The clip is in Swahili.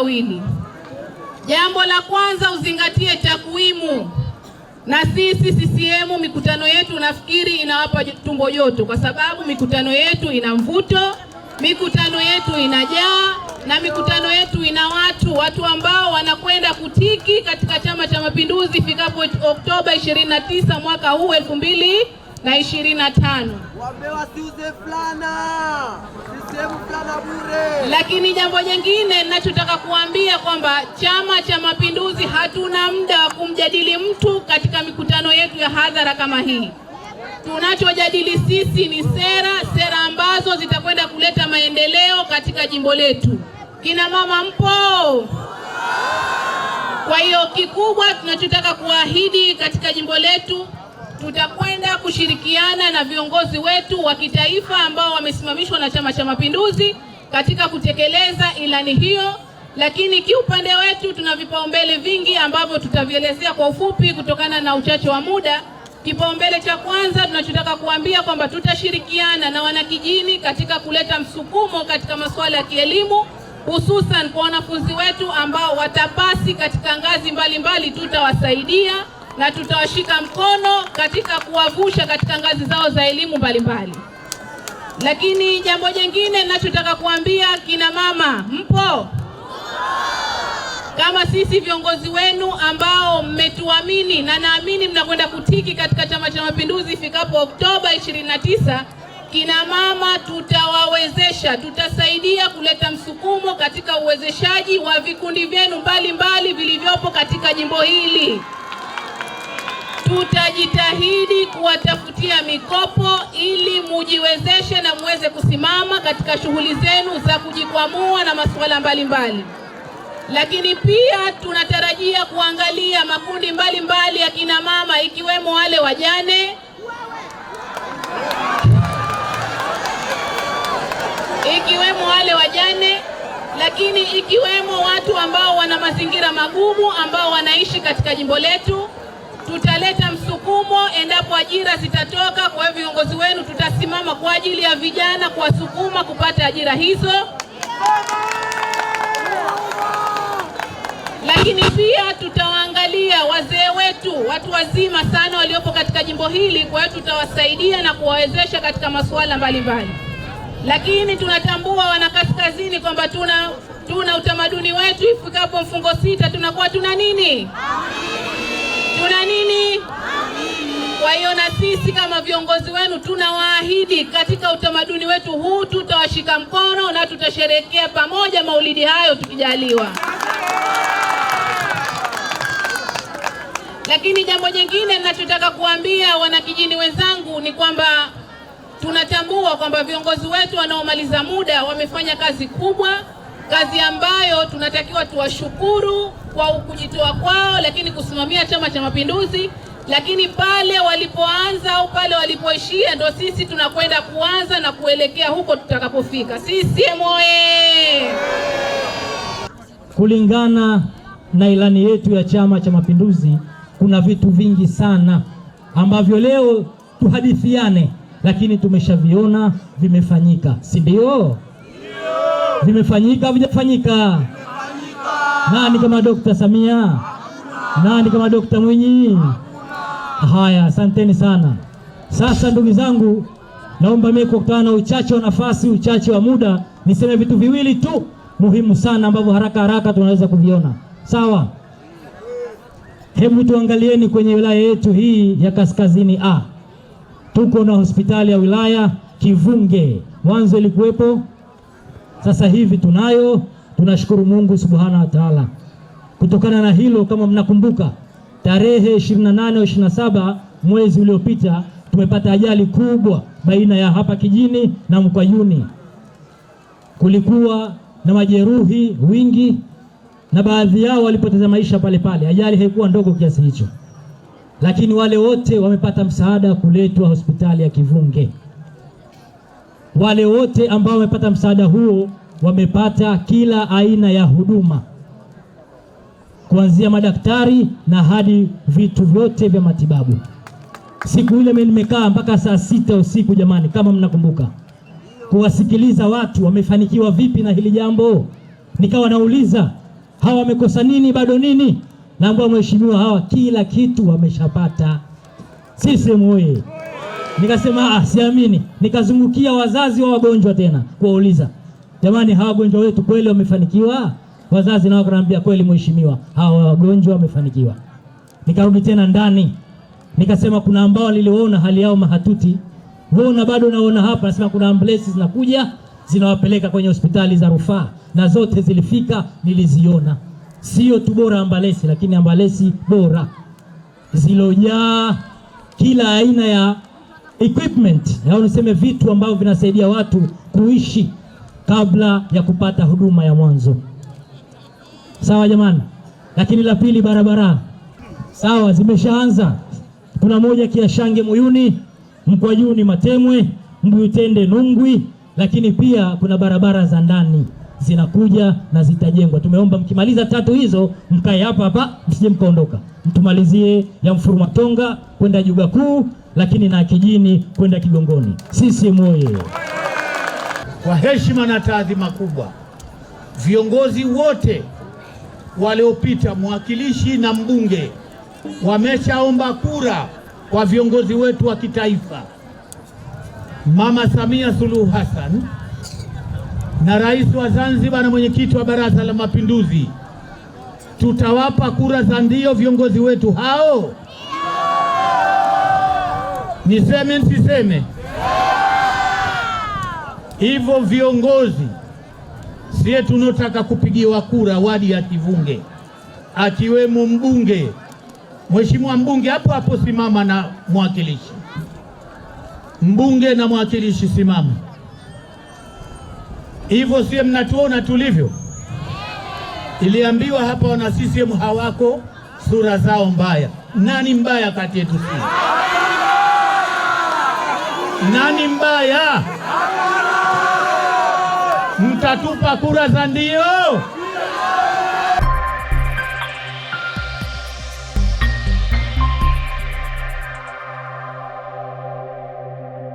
mawili. Jambo la kwanza, uzingatie takwimu, na sisi CCM mikutano yetu nafikiri inawapa tumbo joto, kwa sababu mikutano yetu ina mvuto, mikutano yetu inajaa, na mikutano yetu ina watu watu ambao wanakwenda kutiki katika Chama cha Mapinduzi ifikapo Oktoba 29 mwaka huu elfu mbili na ishirini na tano lakini jambo jingine ninachotaka kuambia kwamba Chama cha Mapinduzi hatuna muda wa kumjadili mtu katika mikutano yetu ya hadhara kama hii. Tunachojadili sisi ni sera, sera ambazo zitakwenda kuleta maendeleo katika jimbo letu. Kina mama mpo? Kwa hiyo kikubwa tunachotaka kuahidi katika jimbo letu tutakwenda kushirikiana na viongozi wetu wa kitaifa ambao wamesimamishwa na Chama cha Mapinduzi katika kutekeleza ilani hiyo, lakini kiupande wetu tuna vipaumbele vingi ambavyo tutavielezea kwa ufupi kutokana na uchache wa muda. Kipaumbele cha kwanza tunachotaka kuambia kwamba tutashirikiana na wanakijini katika kuleta msukumo katika masuala ya kielimu, hususan kwa wanafunzi wetu ambao watapasi katika ngazi mbalimbali, tutawasaidia na tutawashika mkono katika kuwavusha katika ngazi zao za elimu mbalimbali. Lakini jambo jingine ninachotaka kuambia kina mama, mpo kama sisi viongozi wenu ambao mmetuamini na naamini mnakwenda kutiki katika Chama cha Mapinduzi ifikapo Oktoba 29. Kina mama tutawawezesha, tutasaidia kuleta msukumo katika uwezeshaji wa vikundi vyenu mbalimbali vilivyopo katika jimbo hili tutajitahidi kuwatafutia mikopo ili mujiwezeshe na muweze kusimama katika shughuli zenu za kujikwamua na masuala mbalimbali. Lakini pia tunatarajia kuangalia makundi mbalimbali mbali ya kina mama ikiwemo wale wajane, ikiwemo wale wajane lakini ikiwemo watu ambao wana mazingira magumu ambao wanaishi katika jimbo letu tutaleta msukumo endapo ajira zitatoka. Kwa hiyo viongozi wenu, tutasimama kwa ajili ya vijana kuwasukuma kupata ajira hizo, lakini pia tutawaangalia wazee wetu, watu wazima sana waliopo katika jimbo hili. Kwa hiyo tutawasaidia na kuwawezesha katika masuala mbalimbali, lakini tunatambua wana kaskazini kwamba tuna tuna utamaduni wetu, ifikapo mfungo sita tunakuwa tuna nini? tuna nini? Kwa hiyo na sisi kama viongozi wenu tunawaahidi katika utamaduni wetu huu tutawashika mkono na tutasherehekea pamoja maulidi hayo tukijaliwa. Lakini jambo jingine ninachotaka kuambia wanakijini wenzangu ni kwamba tunatambua kwamba viongozi wetu wanaomaliza muda wamefanya kazi kubwa kazi ambayo tunatakiwa tuwashukuru kwa kujitoa kwao, lakini kusimamia Chama cha Mapinduzi, lakini pale walipoanza au pale walipoishia ndo sisi tunakwenda kuanza na kuelekea huko tutakapofika. CCM oyee! Kulingana na ilani yetu ya Chama cha Mapinduzi, kuna vitu vingi sana ambavyo leo tuhadithiane, lakini tumeshaviona vimefanyika, si ndio? vimefanyika vijafanyika? Nani kama Dokta Samia? Nani kama Dokta Mwinyi? Haya, asanteni sana. Sasa ndugu zangu, naomba mimi kukutana na uchache wa nafasi, uchache wa muda, niseme vitu viwili tu muhimu sana ambavyo haraka haraka tunaweza kuviona. Sawa, hebu tuangalieni kwenye wilaya yetu hii ya Kaskazini A, tuko na hospitali ya wilaya Kivunge. Mwanzo ilikuwepo sasa hivi tunayo. Tunashukuru Mungu subhana wa taala. Kutokana na hilo, kama mnakumbuka, tarehe 28 27 mwezi uliopita tumepata ajali kubwa baina ya hapa Kijini na Mkwajuni. Kulikuwa na majeruhi wingi na baadhi yao walipoteza maisha pale pale. Ajali haikuwa ndogo kiasi hicho, lakini wale wote wamepata msaada kuletwa hospitali ya Kivunge wale wote ambao wamepata msaada huo wamepata kila aina ya huduma kuanzia madaktari na hadi vitu vyote vya matibabu. Siku ile mimi nimekaa mpaka saa sita usiku jamani, kama mnakumbuka, kuwasikiliza watu wamefanikiwa vipi na hili jambo. Nikawa nauliza hawa wamekosa nini, bado nini, Naambiwa mheshimiwa, hawa kila kitu wameshapata. Sisi mwe Nikasema ah, siamini. Nikazungukia wazazi wa wagonjwa tena kuwauliza, jamani, hawa wagonjwa wetu kweli wamefanikiwa? Wazazi nao wakaniambia kweli, mheshimiwa, hawa wagonjwa wamefanikiwa. Nikarudi tena ndani, nikasema kuna ambao niliwaona hali yao mahatuti, na bado naona hapa, nasema kuna ambulance zinakuja zinawapeleka kwenye hospitali za rufaa, na zote zilifika, niliziona. Sio tu bora ambalesi, lakini ambalesi bora zilojaa kila aina ya equipment au niseme vitu ambavyo vinasaidia watu kuishi kabla ya kupata huduma ya mwanzo. Sawa jamani, lakini la pili, barabara sawa, zimeshaanza. Kuna moja Kiashange Muyuni, Mkwajuni Matemwe, Mbuyutende Nungwi, lakini pia kuna barabara za ndani zinakuja na zitajengwa. Tumeomba mkimaliza tatu hizo mkae hapa hapa, msije mkaondoka, mtumalizie ya tonga kwenda Juga Kuu, lakini na Kijini kwenda Kigongoni. Sisi moye. Kwa heshima na taadhima kubwa, viongozi wote waliopita, mwakilishi na mbunge, wameshaomba kura kwa viongozi wetu wa kitaifa, Mama Samia Suluhu Hassan na rais wa Zanzibar na mwenyekiti wa Baraza la Mapinduzi, tutawapa kura za ndio viongozi wetu hao? Niseme nisiseme? Hivyo viongozi sie tunaotaka kupigiwa kura wadi ya kivunge akiwemo mbunge, mheshimiwa mbunge hapo hapo, simama na mwakilishi, mbunge na mwakilishi, simama. Hivyo sie mnatuona tulivyo. Iliambiwa hapa wana CCM hawako, sura zao mbaya. Nani mbaya kati yetu sisi? Nani mbaya? Mtatupa kura za ndio?